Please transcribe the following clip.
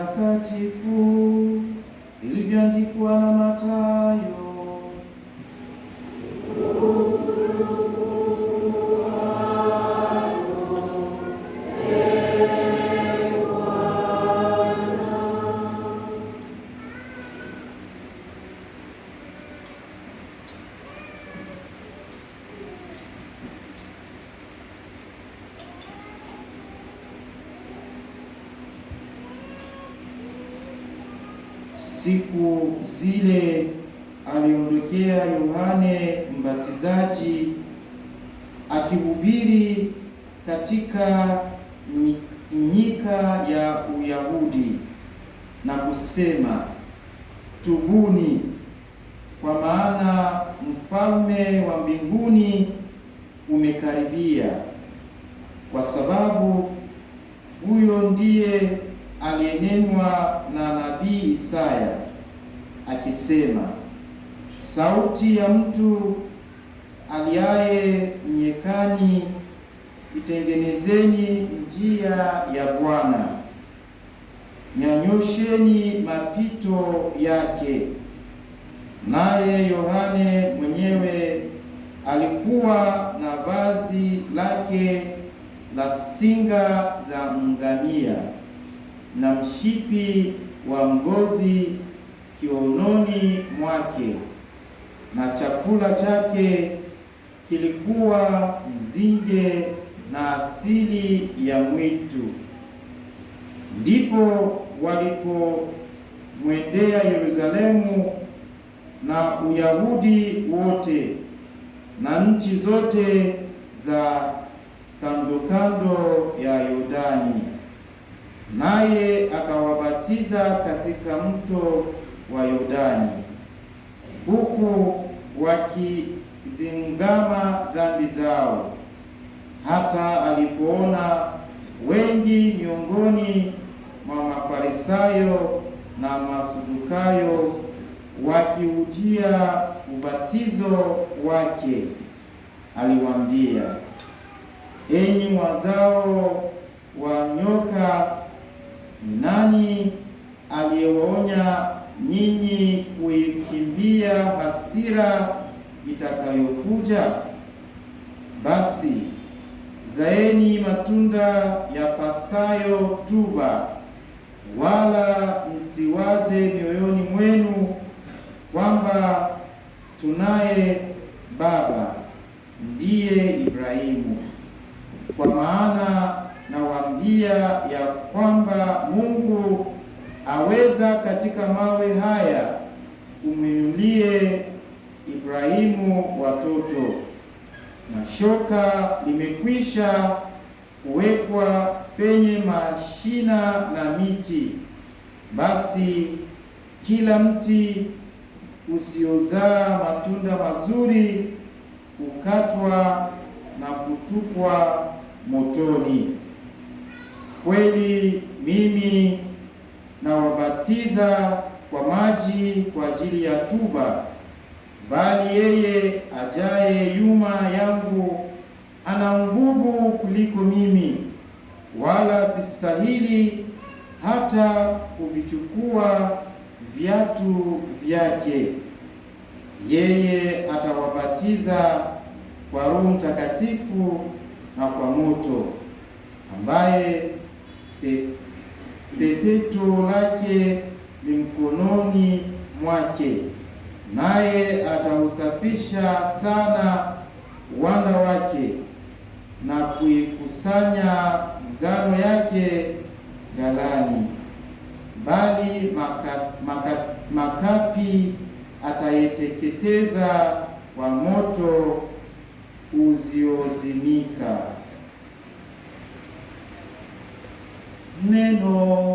mtakatifu siku zile aliondokea Yohane Mbatizaji akihubiri katika nyika ya Uyahudi na kusema, tubuni, kwa maana mfalme wa mbinguni umekaribia. Kwa sababu huyo ndiye aliyenenwa na nabii Isaya akisema, sauti ya mtu aliaye nyekani, itengenezeni njia ya Bwana, nyanyosheni mapito yake. Naye Yohane mwenyewe alikuwa na vazi lake la singa za ngamia na mshipi wa ngozi kiunoni mwake, na chakula chake kilikuwa nzige na asili ya mwitu. Ndipo walipomwendea Yerusalemu na Uyahudi wote na nchi zote za kando kando ya Yuda naye akawabatiza katika mto wa Yordani, huku wakizingama dhambi zao. Hata alipoona wengi miongoni mwa Mafarisayo na masudukayo wakiujia ubatizo wake, aliwaambia, enyi wazao aliyewaonya nyinyi kuikimbia hasira itakayokuja? Basi zaeni matunda yapasayo tuba, wala msiwaze mioyoni mwenu kwamba tunaye baba ndiye Ibrahimu, kwa maana nawaambia ya kwamba Mungu aweza katika mawe haya umwinulie Ibrahimu watoto, na shoka limekwisha kuwekwa penye mashina na miti. Basi kila mti usiozaa matunda mazuri ukatwa na kutupwa motoni. Kweli mimi na wabatiza kwa maji kwa ajili ya tuba, bali yeye ajaye nyuma yangu ana nguvu kuliko mimi, wala sistahili hata kuvichukua viatu vyake. Yeye atawabatiza kwa Roho Mtakatifu na kwa moto, ambaye pepeto lake ni mkononi mwake, naye atausafisha sana uwanda wake na kuikusanya ngano yake ghalani, bali maka, maka, makapi ataiteketeza kwa moto uziozimika. menor.